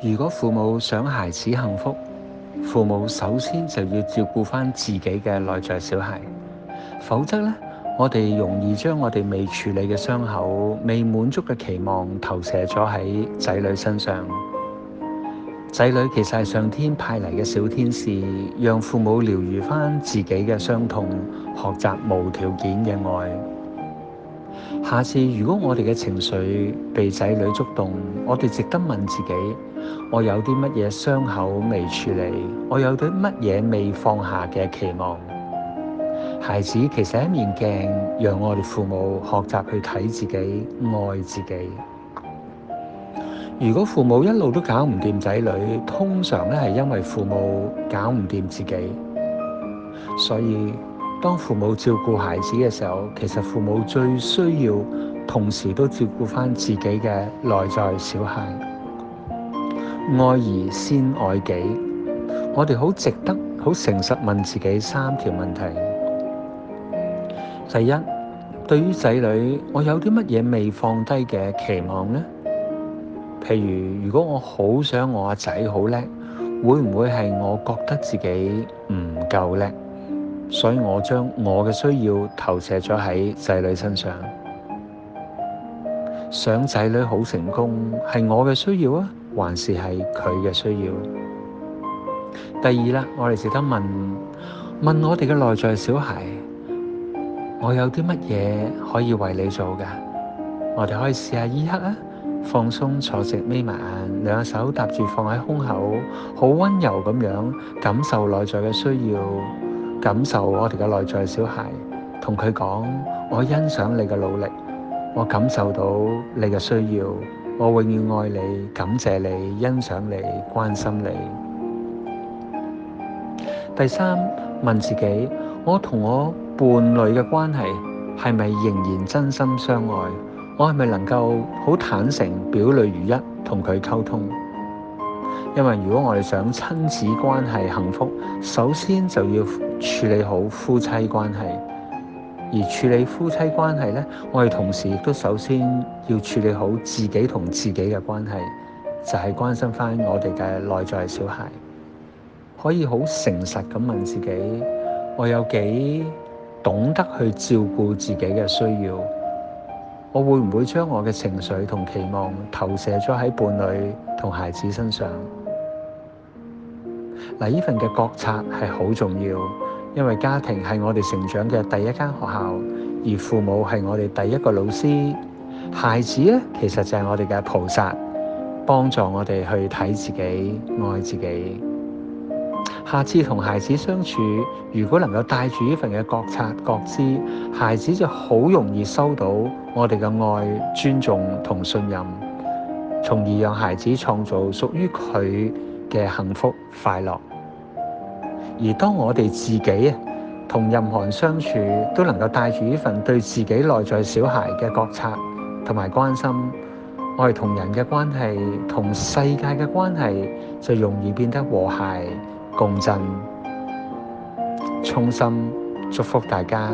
如果父母想孩子幸福，父母首先就要照顧翻自己嘅內在小孩，否則呢，我哋容易將我哋未處理嘅傷口、未滿足嘅期望投射咗喺仔女身上。仔女其實係上天派嚟嘅小天使，讓父母療癒翻自己嘅傷痛，學習無條件嘅愛。下次如果我哋嘅情緒被仔女觸動，我哋值得問自己：我有啲乜嘢傷口未處理？我有啲乜嘢未放下嘅期望？孩子其實係一面鏡，讓我哋父母學習去睇自己、愛自己。如果父母一路都搞唔掂仔女，通常咧係因為父母搞唔掂自己，所以。當父母照顧孩子嘅時候，其實父母最需要同時都照顧翻自己嘅內在小孩。愛兒先愛己，我哋好值得、好誠實問自己三條問題。第一，對於仔女，我有啲乜嘢未放低嘅期望呢？譬如，如果我好想我阿仔好叻，會唔會係我覺得自己唔夠叻？所以我將我嘅需要投射咗喺仔女身上，想仔女好成功，係我嘅需要啊，還是係佢嘅需要？第二啦，我哋值得問問我哋嘅內在小孩：我有啲乜嘢可以為你做㗎？我哋可以試下依刻啊，放鬆坐直，眯埋眼，兩手搭住放喺胸口，好溫柔咁樣感受內在嘅需要。感受我哋嘅內在小孩，同佢講：我欣賞你嘅努力，我感受到你嘅需要，我永遠愛你，感謝你，欣賞你，關心你。第三，問自己：我同我伴侶嘅關係係咪仍然真心相愛？我係咪能夠好坦誠，表裏如一，同佢溝通？因為如果我哋想親子關係幸福，首先就要處理好夫妻關係。而處理夫妻關係咧，我哋同時亦都首先要處理好自己同自己嘅關係，就係關心翻我哋嘅內在小孩，可以好誠實咁問自己：我有幾懂得去照顧自己嘅需要？我會唔會將我嘅情緒同期望投射咗喺伴侶同孩子身上？呢份嘅覺察係好重要，因為家庭係我哋成長嘅第一間學校，而父母係我哋第一個老師。孩子咧，其實就係我哋嘅菩薩，幫助我哋去睇自己、愛自己。下次同孩子相處，如果能夠帶住呢份嘅覺察覺知，孩子就好容易收到我哋嘅愛、尊重同信任，從而讓孩子創造屬於佢嘅幸福快樂，而當我哋自己同任何人相處，都能夠帶住呢份對自己內在小孩嘅覺察同埋關心，我哋同人嘅關係、同世界嘅關係，就容易變得和諧共振。衷心祝福大家！